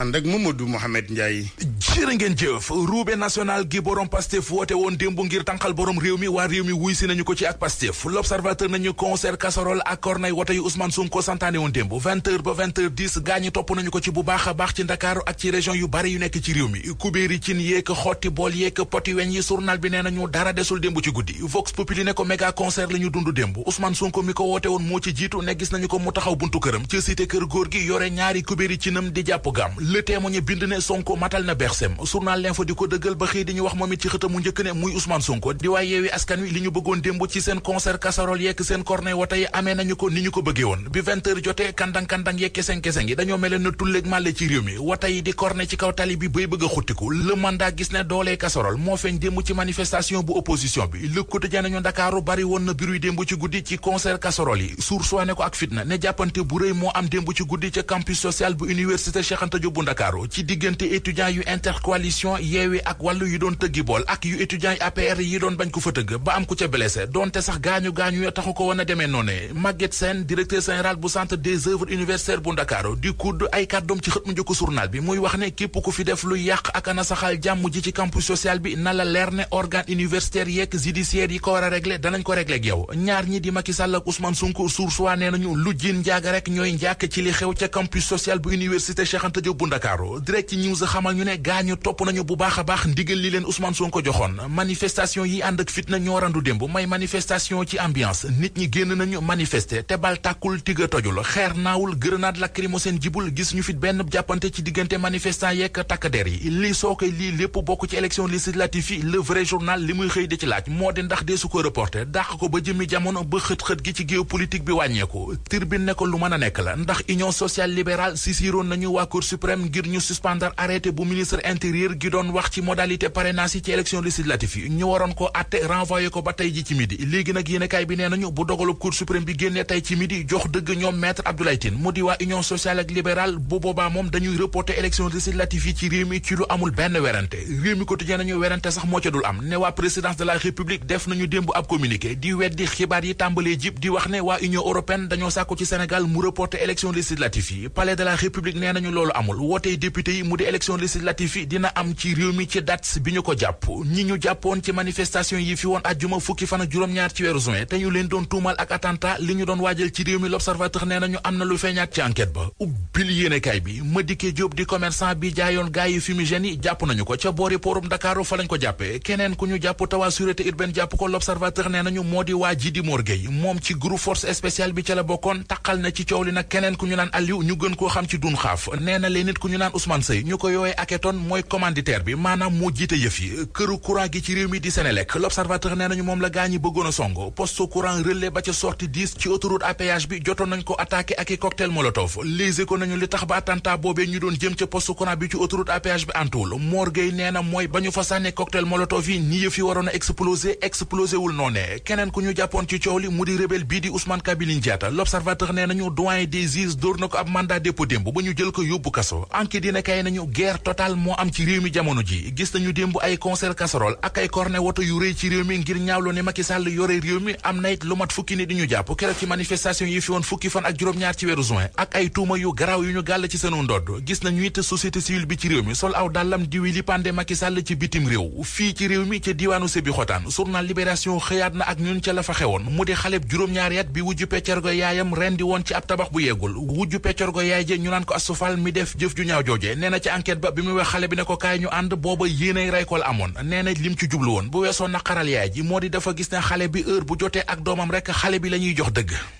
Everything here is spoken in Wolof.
ànd ak Mamadou Mouhamed Ndiaye. jërë ngeen jëf roube national gi borom pastef woote woon démb ngir tànqal borom réew mi waa réew mi wuy si nañu ko ci ak pastef l'observateur nañu concert casserole ak cornay wote yu Ousmane Sonko santaane woon démb ba 20 h gaañi topp nañu ko ci bu baax a baax ci Ndakaaru ak ci région yu bari yu nekk ci réew mi kubéeri cin yeek xotti bool yeek poti weñ yi journal bi nee nañu dara desul démb ci guddi Vox Populi ne ko méga ñu dund démb Ousmane Sonko mi woote woon moo ci jiitu ne gis nañu ko mu taxaw buntu këram ci cité kër góor gi yore ñaari kubéeri cinam di jàpp gàmm le témoigné bind ne Sonko matal na bersem journal l'info di ko dëggal ba xëy di ñu wax moom it ci xëta mu njëkk ne muy Ousmane Sonko di waay yeewi askan wi li ñu bëggoon démb ci seen concert casserole yi amee nañu ko ni ko bëggee woon bi vingt heures jotee kandang-kandang yeeg keseng-keseng yi dañoo meleen na tulleeg bi bay a xuttiku le gis ne doolee casserole moo feeñ démb ci manifestation bu opposition bi le quotidien nañu Ndakaaru bari woon na biruy démb ci guddi ci concert casserole yi source ne ko ak fitna ne jàppante bu rëy moo am démb ci guddi ca bu ndakaaru ci diggante étudiant yu intercoalition yeewi ak wàllu yu doon tëggi bool ak yu étudiant yi APR yi doon bañ ko fa tëgg ba am ku ca blessé doonte sax gaañu-gaañu ya taxu ko woon a noone Maguette directeur général bu centre des œuvres universitaires bu ndakaaru di kudd ay kàddoom ci xët mu njëkk bi muy wax ne képp ku fi def lu yàq ak ana jàmm ji ci campus social bi na la leer ne organe universitaire yeeg judiciaire yi ko war a régler danañ ndakaaru direct news xamal ñu ne gaañu topp nañu bu baax a baax ndigal li leen Ousmane Sonko joxoon manifestation yi ànd ak fitna ñoo randu démb may manifestation ci ambiance nit ñi génn nañu manifester te bal tàkkul tigga tojul xeer naawul grenade lacrymogène jibul gis ñu fi benn jàppante ci diggante manifestant yeek takk der yi lii soo koy lii lépp bokk ci élection législative yi le vrai journal li muy xëy di ci laaj moo di ndax dee su ko gi ci géopolitique bi wàññeeku tribune ne ko lu mën a la ndax union sociale libérale ngir ñu suspendre arrêté bu ministre intérieur gi doon wax ci modalité parrainage yi ci élection législative yi ñu waroon ko atte renvoyé ko ba tey ji ci midi léegi nag yéenekaay bi nee nañu bu dogalub cour suprême bi génnee tey ci midi jox dëgg ñoom maître Abdoulaye mu di waa union sociale ak libérale bu boobaa moom dañuy reporter élection législative yi ci réew mi ci lu amul benn werante réew mi quotidien nañu werante sax moo ca am ne waa présidence de la république def nañu démb communiqué di weddi xibaar yi tàmbalee jib di wax ne waa union européenne dañoo sàkku ci Sénégal mu reporter élection législative yi palais de la république loolu amul wootee député yi mu di élection législative yi dina am ci réew mi ci date bi ñu ko jàpp ñi ñu jàppoon ci manifestation yi fi woon ajjuma fukki fan ak juróom-ñaar ci weeru juin te ñu leen doon tuumal ak attentat li ñu doon waajal ci réew mi l'observateur nee nañu am na lu feeñaat ci enquête ba ubbil yéenekaay bi ma dikkee Jóob di commerçant bi jaayoon gaay yi fumigène yi jàpp nañu ko ca boori poorum Dakaaru fa lañ ko jàppee keneen ku ñu jàpp tawaa sûreté urbaine jàpp ko l'observateur nee bi ca la na ci coow li nag keneen ku ñu naan Aliou nit ku ñu naan Ousmane Seye ñu ko yooyee Akheton mooy commanditaire bi maanaam moo jiite yëf yi këru courant gi ci réew mi di Sénélec l'observateur nee nee nañu doyen des dóor na ko ab mandat dépôt ba ñu jël ko yóbbu kaso waaw enquête dina kay nañu guerre totale moo am ci réew mi jamono ji gis nañu démb ay concert casserole ak ay corne woto yu rëy ci réew mi ngir ñaawloo ne Macky Sall yore réew mi am na it lu mat fukki nit di ñu jàpp keroog ci yi fi woon fukki fan ak ñaar ci weeru juin ak ay tuuma yu garaaw yu ñu gàll ci seenu ndodd gis nañu it société civile bi ci réew mi sol aw dàllam di wi li pande Macky Sall ci bitim réew fii ci réew mi ca diiwaanu sébi xotaan journal Libération xëyaat na ak ñun ca la fa xewoon mu di xaleb juróom-ñaari at bi wujju peccorgo yaayam rendi woon ci ab tabax bu yeggul wujju peccorgo yaay je ñu naan ko asufal jëf ju ñaaw joojee nee na ci enquête ba bi mu wax xale bi ne ko kaay ñu ànd booba yéenay raykool amoon nee na lim ci jublu woon bu weesoo naqaral yaay ji moo di dafa gis ne xale bi heure bu jotee ak doomam rek xale bi la ñuy jox dëgg